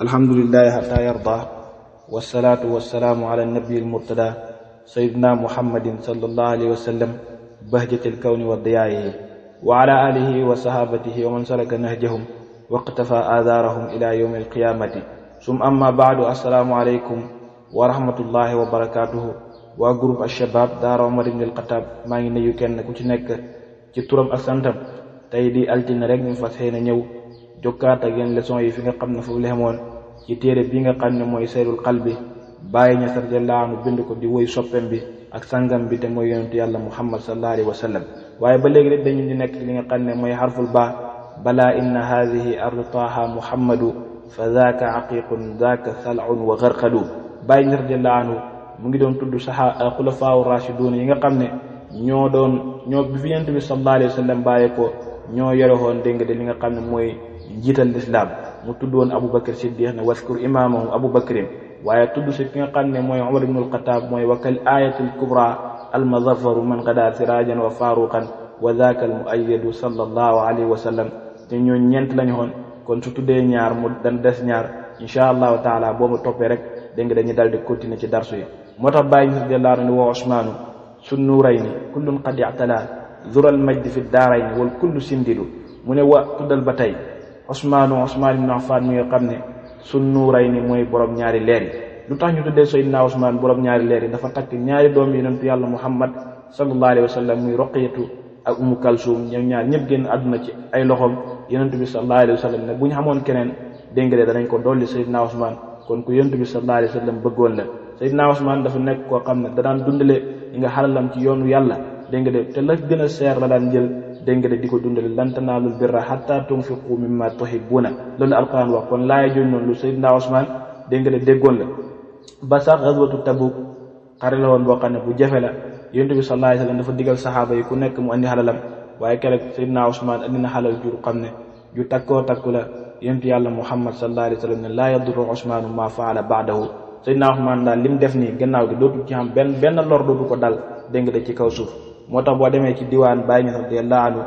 الحمد لله حتى يرضى والصلاة والسلام على النبي المرتدى سيدنا محمد صلى الله عليه وسلم بهجة الكون وضيائه وعلى آله وصحابته ومن سلك نهجهم واقتفى آذارهم إلى يوم القيامة ثم أما بعد السلام عليكم ورحمة الله وبركاته waa الشباب دار عمر بن Omar ما Al-Khattab maa ngi nuyu kenn ku ci nekk ci turam ak jokkaat ak yenn leçon yi fi nga xam ne foofu la xamoon ci téere bi nga xam ne mooy seyrul qalbi yi ña sarja laanu bind ko di woy soppem bi ak sangam bi te mooy yonentu yàlla muhammad sallallahu alayhi wa sallam waaye ba léegi rek dañu di nekk li nga xam ne mooy xarful baa balaa inna haadihi ardu taaha muhammadu fa zaaka aqiqun zaaka salun wa garqadu bàyyi ña sarja laanu mu ngi doon tudd saxa ah, xulafaawu rachiduun yi nga xam ne ñoo doon ñoo bi fi yonent bi sallallahu alayhi wa sallam bàyyi ko ñoo yore woon de li nga xam ne mooy jiital lislaam mu tuddoon abu bakar siddiq ne waskur imaamahum abu bakrin waaye tudd si ki nga xam ne mooy umar ibnul xataab mooy almazafaru man xadaa siraajan wa faruqan wa daaka al muayyadu sallallahu alayhi wa kon su tuddee ñaar mu dan des ñaar incha allahu taala boo ma toppee rek dégg nga dañuy dal di continuer ci darsu yi moo tax bàyyi ñi radiyallahu anhu wa osmaanu su nuuray ni kullun qad ictala zural majdi fi daaray wal kullu sindidu mu wa tuddal ba Ousmane Ousmane ibn Affan mi nga xam ne sunnuuray ni mooy borom ñaari leer yi lu tax ñu tuddee Seydina Ousmane borom ñaari leer yi dafa takk ñaari doom yonentu yàlla Muhammad sallallahu alayhi wa sallam muy Roqiyatu ak Umu Kalsum ñoom ñaar ñëpp génn àdduna ci ay loxoom yonentu bi sallallahu alayhi wa sallam bu ñu xamoon keneen dégg nga danañ ko dolli Seydina Ousmane kon ku yonentu bi sallallahu alayhi wa sallam bëggoon la Seydina Ousmane dafa nekk koo xam ne da daan dundale yi nga xalalam ci yoonu yàlla dégg te la gën a seer la daan jël dégg nga di ko dundal lan tanaalul birra hatta tunfiqu mimma tuhibbuuna loolu alquran wax kon laaya jooju noonu lu Seydina Usmaan dégg nga déggoon la ba sax gazwatu tabu xare la woon boo xam ne bu jafe la yonent bi sallallahu alayhi wasallam dafa digal saxaaba yi ku nekk mu andi xalalam waaye keroog Seydina Usmaan andi na xalal jur xam ne ju takkoo takku la yonent yàlla Muhammad sallallahu alayhi wasallam ne laa yadurru Usmaanu maa faala baadahu Seydina Usmaan daal li mu def nii gannaaw gi dootu ci xam benn benn lor dootu ko dal dégg nga ci kaw suuf moo tax boo demee ci diwaan bàyyi ñu radiyallahu anhu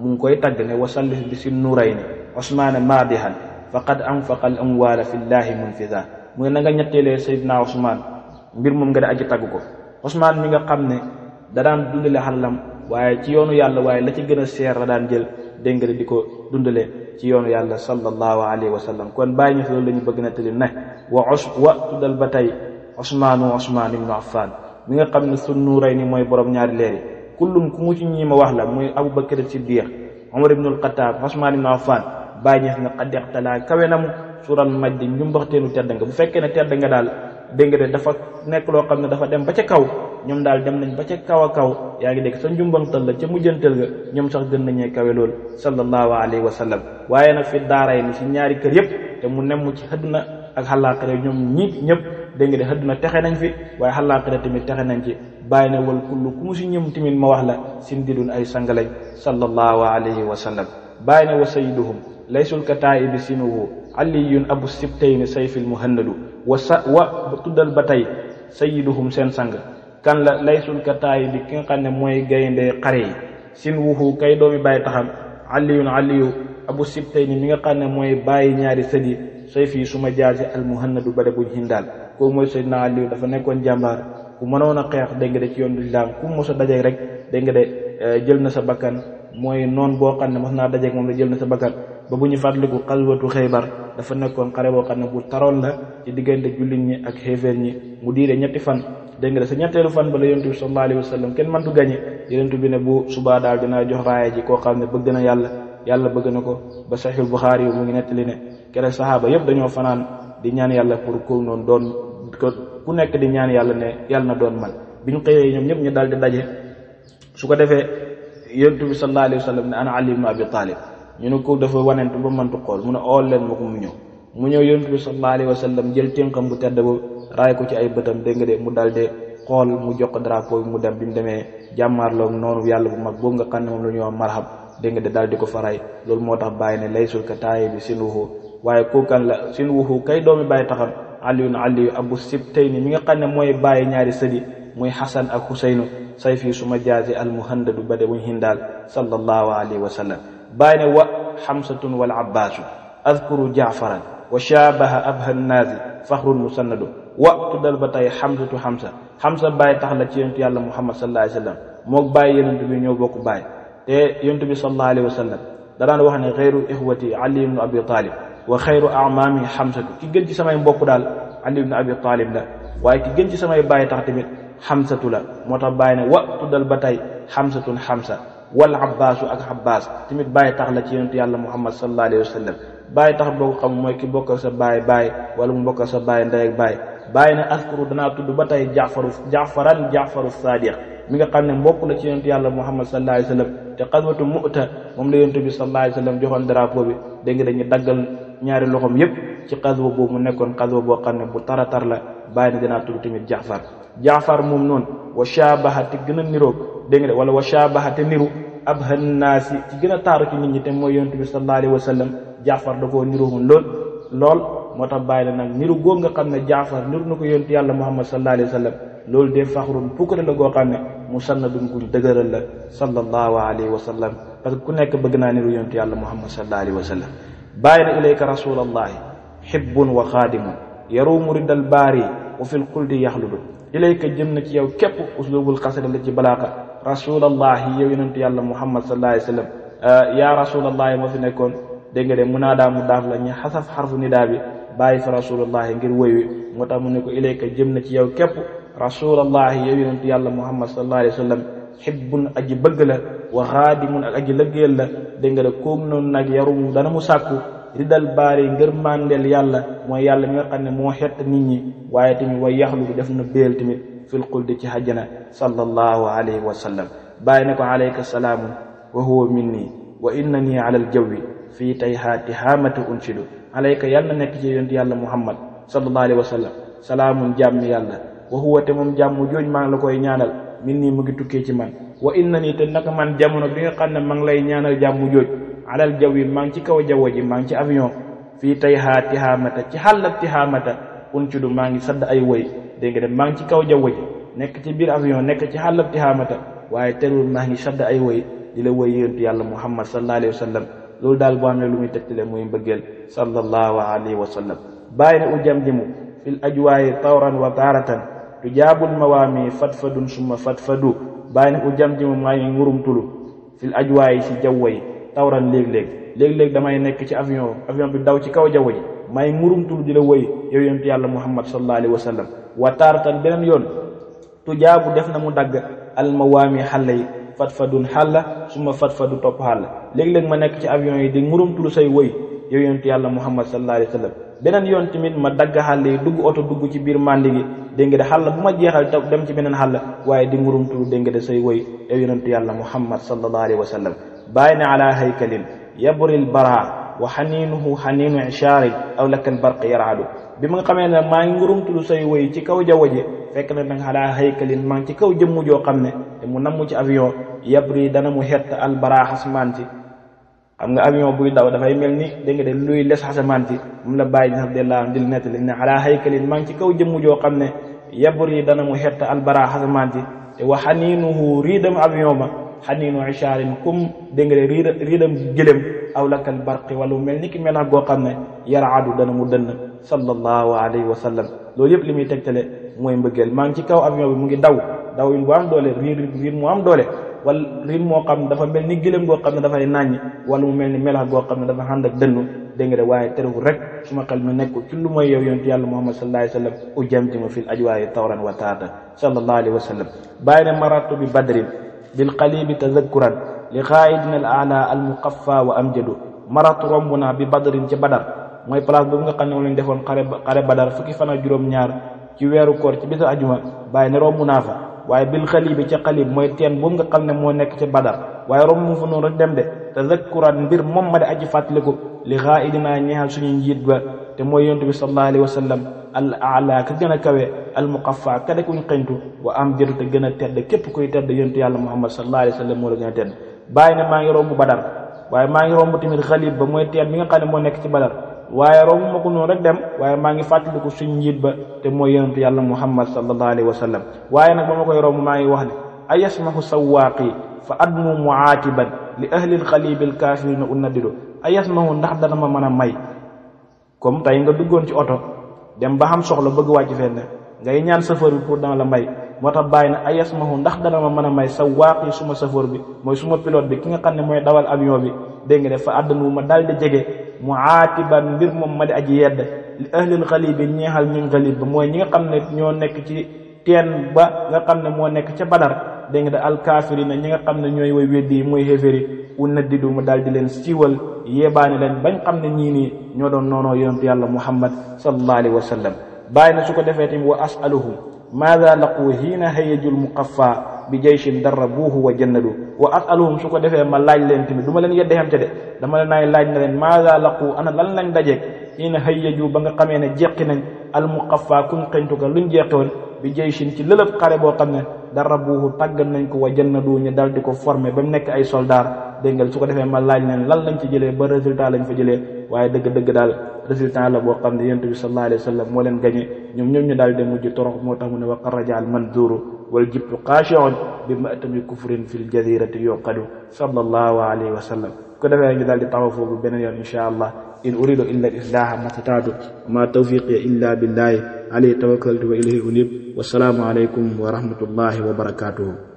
mu ngi koy tagg ne wasallis bi si nuurayni osmaana maadihan faqad anfaqa al amwaala fi llaahi munfidan mu ne na nga ñetteelee sayyidina osmaan mbir moom nga di aji tagg ko osmaan mi nga xam ne da daan dundale xalam waaye ci yoonu yàlla waaye la ci gën a seer la daan jël dégg nga di ko dundale ci yoonu yàlla sallallahu alayhi wa sallam kon bàyyi ñu fi loolu la ñu bëgg na tëli ne wa wa tuddal ba tey osmaanu osmaan ibnu affan mi nga xam ne su nuuray ni mooy borom ñaari leeri kullum ku mu ci ñi ma wax la muy Aboubacar Siddiq Omar ibn al-Khattab Usmaan ibn Affan bàyyi ñees nga xaddeex talaa kawe na mu suural maj njumbaxteenu tedd nga bu fekkee ne tedd nga daal dégg de dafa nekk loo xam ne dafa dem ba ca kaw ñoom daal dem nañ ba ca kaw a kaw yaa ngi dégg sa njumbantal la ca mujjantal ga ñoom sax gën nañee kawe lool sallallahu alayhi wa sallam waaye nag fi daaray ni si ñaari kër yëpp te mu nemm ci àdduna ak xalaaxare ñoom ñi dégg nga de àdduna texe nañ fi waaye àllaaxira tamit texe nañ ci bàyyi na wal kullu ku mu si ñëm tamit ma wax la sin didun ay sang lañ sallallahu alayhi wa sallam bàyyi na wa sayyiduhum laysul ka taa'ibi sinuhu aliyun abu sibtayni sayfil muhannadu wa sa wa tuddal ba tey sayyiduhum seen sang kan la laysul ka taa'ibi ki ne mooy gaynde xare yi sin wuhu kay doomi bàyyi taxam aliyun aliyu abu sibtayni mi nga xam ne mooy bàyyi ñaari sëdi sayfi suma jaazi al muhannadu bare buñ daal kooku mooy Seydina Aliou dafa nekkoon jàmbaar bu mënoon a xeex dégg nga de ci yoon lislaam ku mos a dajeeg rek dégg nga de euh, jël na sa bakkan mooy noon boo xam ne mos naa dajeeg moom la jël na sa bakkan ba bu ñu fàttaliku xalwatu xeebar dafa nekkoon xare boo xam ne bu taroon la ci diggante jullit ñi ak xéeféer ñi mu diire ñetti fan dégg nga de sa ñetteelu fan ba la yonent bi sallallahu alayhi wa sallam kenn mëntu gañe yonent bi ne bu subaa daal dinaa jox raaya ji koo xam ne bëgg na yàlla yàlla bëgg na ko ba saxiul Buxaari yi mu ngi nettali ne fanaan di ñaan yàlla pour ko noonu doon ku nekk di ñaan yàlla ne yàlla na doon man bi ñu xëyee ñoom ñëpp ñu daal di daje su ko defee yonent bi sallallahu alayhi wa sallam ne ana ali ibn abi talib ñu ne ko dafa wanent ba mëntu xool mu ne ool leen ma ko mu ñëw mu ñëw yonent bi sallallahu alayhi wa sallam jël ténkam bu tedd ba raay ko ci ay bëtam dégg nga de mu daal de xool mu jox ko drapeau bi mu dem bi mu demee jàmmaarloog noonu yàlla bu mag boobu nga xam ne moom la ñuy nga de daal di ko faray loolu moo tax bàyyi ne laysul ka taaye bi sinuhu waaye kookan la sin wuxu kay doomi bàyyi taxam aliyun aliyu abu sibtayni mi nga xam ne mooy bàyyi ñaari sëdi mooy xasan ak xuseynu say fii suma jaazi almuhandadu ba de buñ hindaal sallallahu alayhi wa sallam bàyyi ne wa xamsatun wal abbaasu adkuru jaafaran wa shaabaha abha nnaasi faxrun musannadu wa tuddal ba tey xamsatu xamsa xamsa bàyyi tax la ci yonentu yàlla muhammad sallallahu alayhi wa sallam moog bàyyi yonent bi ñoo bokk bàyyi te yonent bi sallallahu alayhi wa sallam danaan wax ne xeyru ixwati ali ibnu abi talib wa xayru amaami xamsatu ki gën ci samay mbokk daal ali ibn abi taalib la waaye ki gën ci samay bàyyi tax tamit xamsatu la moo tax bàyyi ne wa tuddal ba tey xamsatun xamsa wal abbaasu ak abbaas tamit bàyyi tax la ci yonent yàlla muhammad sallallahu alayhi wa sallam bàyyi tax boo ko xam mooy ki bokkal sa baay baay wala mu bokkal sa baay ndey ak baay bàyyi ne askuru danaa tudd ba tey jaafaru jaafaran jaafaru saadiq mi nga xam ne mbokk la ci yonent yàlla muhammad sallallahu alayhi wa sallam te xaswatu mu'ta moom la yonent bi sallallahu alayhi wa sallam joxoon ñaari loxom yépp ci xaswa boobu nekkoon xaswa boo xam ne bu taratar la bàyyi na dinaa tudd tamit jaafar jaafar moom noonu wa shaabaha te gën a niroo dégg nga wala wa shaabaha te niru abhan naasi ci gën a taaru ci nit ñi te mooy yonent bi sallallahu alayhi wa sallam jaafar da koo niroowun lool lool moo tax bàyyi la nag niru góor nga xam ne jaafar niru na ko yonent yàlla muhammad sallallahu alayhi wa sallam loolu de faxrun pukkare la goo xam ne mu duñ guñ dëgëral la salallahu alayhi wa sallam parce que ku nekk bëgg naa niru yonent yàlla muhammad sallallahu alayhi wa sallam باين إليك رسول الله حب وخادم يروم رد الباري وفي القلد يخلد إليك جمنك يو كيب أسلوب القصد التي بلاغ رسول الله يو يننت يالله محمد صلى الله عليه وسلم يا رسول الله ما في نكون dégg nga de munaada mu daaf la ñu xasaf xarfu nidaa bi bàyyi fa rasulullahi ngir wéy wi moo tax mu ne ko ilayka jëm na ci yow képp rasulallahi yow yonent yàlla muhammad sallallahu alayhi wa sallam xibbun aji bëgg la wa xaadimun ak aji lëggeel la dégg nga de koom noonu nag yarum dana mu sàkku ridal baari ngër màndeel yàlla mooy yàlla mi nga xam ne moo xett nit ñi waaye tamit way yaxlu bi def na béel tamit fil xuldi ci xajjana sallallahu alayhi wa sallam bàyyi ne ko alayka salaamu wa huwa minni wa innani ala al jawwi fii tay haati haamati unshidu alayka yàlla na nekk ci yonent yàlla muhammad sallallahu alayhi wa sallam jàmm yàlla wa huwa te moom jàmm jooju maa ngi la koy ñaanal min nii mu ngi tukkee ci man wa inna nii te naka man jamono bi nga xam ne ma ngi lay ñaanal jàmm jooj alal jaww yi maa ngi ci kaw jaww ji maa ngi ci avion fii tey xaa tihaamata ci xàllat tihaamata un ci du maa ngi sadd ay woy dégg maa ngi ci kaw jaww ji nekk ci biir avion nekk ci xàllat tihaamata waaye terul maa ngi sadd ay woy di la woy yéentu yàlla muhammad sallallahu alayhi wa sallam loolu daal boo am ne lu muy tegtale muy mbëggeel sallallahu alayhi wa sallam bàyyi na u jam ji mu fil ajwaayi tawran wa taaratan tujaabul mawaami fatfadun summa fatfadu bàyyi ne ma maa ngi ngurum tulu fil ajwaay si jaww yi tawran léeg-léeg léeg-léeg damay nekk ci avion avion bi daw ci kaw jaww ji may ngurum tulu di la woy yow yonent yàlla muhammad sallallahu alayhi wa sallam wa taaratan beneen yoon tujaabu def na mu dagg almawaami xàll yi fatfadun xàll su ma fatfadu topp xàll léeg-léeg ma nekk ci avion yi di ngurum tulu say woy yow yonent yàlla muhammad sallallahu alayhi wa sallam beneen yoon tamit ma dagg xàll yi dugg oto dugg ci biir màndi gi dégg nga de xàll bu ma jeexal taw dem ci beneen xàll waaye di ngurumtu dégg nga de say woy yow yonentu yàlla muhammad sallallahu alayhi wa sallam bàyyi ne ala haykalin yabril bara wa xaniinuhu xaniinu ishaari aw lakkal barqi yaraadu bi ma nga xamee ne maa ngi ngurumtulu say woy ci kaw jaww ji fekk na nag ala haykalin maa ngi ci kaw jëmmu joo xam ne te mu namm ci avion yabri dana mu xett albara xasmaan si xam nga avion buy daw dafay mel ni dégg nga de luy les asamaan mu la bàyyi di sax de laa dil nettali ne alaa haykalin maa ngi ci kaw jëmm joo xam ne yabur yi dana mu xett albara asamaan si te wa xaniinuhu riidam avion ma xaniinu ishaarin kum dégg nga de riida riidam gëlëm aw lakal barqi wala mu mel ni ki mel melax goo xam ne yar adu dana mu dënn sallallahu alayhi wa sallam loolu yëpp li muy tegtale mooy mbëggeel maa ngi ci kaw avion bi mu ngi daw daw yu bu am doole riir riir mu am doole wala rim moo xam ne dafa mel ni gëlëm goo xam ne dafay nàññ wala mu mel ni melax goo xam ne dafa ànd ak dënnu dégg nga waaye terewul rek su ma xel mi nekkul ci lu mooy yow yontu yàlla muhammad sallallahu alayhi wa sallam ujamtima fil ajwaayi tawran wa taata sallallahu alayhi wa sallam bàyyi ne maratu bi badrin bil xalibi tazakkuran li xaayidina al ala al am wa amjadu maratu romb naa bi badrin ci badar mooy place boobu nga xam ne moom lañu defoon xare xare badar fukki fan ak juróom ñaar ci weeru koor ci bisu ajuma bàyyi ne romb naa waaye bil xalib bi ci xalib mooy teen boobu nga xam ne moo nekk ci badar waaye romb mu fa noonu rek dem de tadakkuran mbir moom ma di aji fàttaliku li xaaidinaa ñeexal suñu njiit ba te mooy yontu bi sallallahu alayhi wa sallam al ala ka gën a kawe al muqaffa ka dekuñ xëñtu wa am jël te gën a tedd képp kuy tedd yontu yàlla muhammad sallallahu alayhi wa sallam moo la gën a tedd bàyyi ne maa ngi romb badar waaye maa ngi romb tamit xalib ba mooy teen bi nga xam ne moo nekk ci badar waaye romb ma ko noonu rek dem waaye maa ngi fàttaliku suñ njiit ba te mooy yonent yàlla muhammad sallallahu alayhi wa sallam waaye nag ba ma koy romb maa ngi wax ne a yasmahu sawaaqi fa admu muaatiban li ahlil xalibil kaafirina unnadido a yasmahu ndax dana ma mën a may comme tey nga duggoon ci oto dem ba xam soxla bëgg wàcc fenn ngay ñaan safar bi pour dana la may moo tax bàyyi na ay yasmahu ndax dana ma mën a may sawaaqi suma safar bi mooy suma pilote bi ki nga xam ne mooy dawal avion bi dégg nga ne fa àdduna ma daal di jege mu aatiban mbir moom ma di aji yedd li ahlil xalib bi ñeexal ñun xalib bi mooy ñi nga xam ne ñoo nekk ci teen ba nga xam ne moo nekk ca badar dégg nga da alkaafirina ñi nga xam ne ñooy way weddi yi mooy xéeféri u naddidu mu daal di leen siiwal yeebaane leen bañ xam ne ñii nii ñoo doon noonoo yonent yàlla muhammad sallallahu alayhi wa sallam bàyyi na su ko defee tamit wa asaluhum maada laqu hiina hayajul muqaffa bi jayshin darrabuuhu wa jannadu wa asaluhum su ko defee ma laaj leen tamit du ma leen yedde xam dama lay laaj na len ma za laqu ana lan lañ dajeeg in hayyaju ba nga xamé ne jeqi nañ al muqaffa kuñ qintu ga luñ jeqi bi jeyshin ci leleuf xare bo xamné darabuhu dara nañ ko wa jannadu ñu dal di ko formé bam nek ay soldaar déggal su ko défé ma laaj leen lan lañ ci jëlé ba résultat lañ fa jëlé waye deug deug dal résultat la bo xamné ne bi sallallahu alayhi wasallam mo len leen gañe ñom ñoom ñu dal dem mujj torox mo tax mu ne wa qarrajal al manzuru wal jibtu qaashi'un bi ma'tami kufrin fil jazirati yuqadu sallallahu alayhi wa ko defee ñu daal di taxaw foofu beneen yoon allah in uridu illa al islaha ma tawfiqi illa billahi alayhi tawakkaltu wa ilayhi unib wasalaamu alaykum wa rahmatullahi wa barakatuhu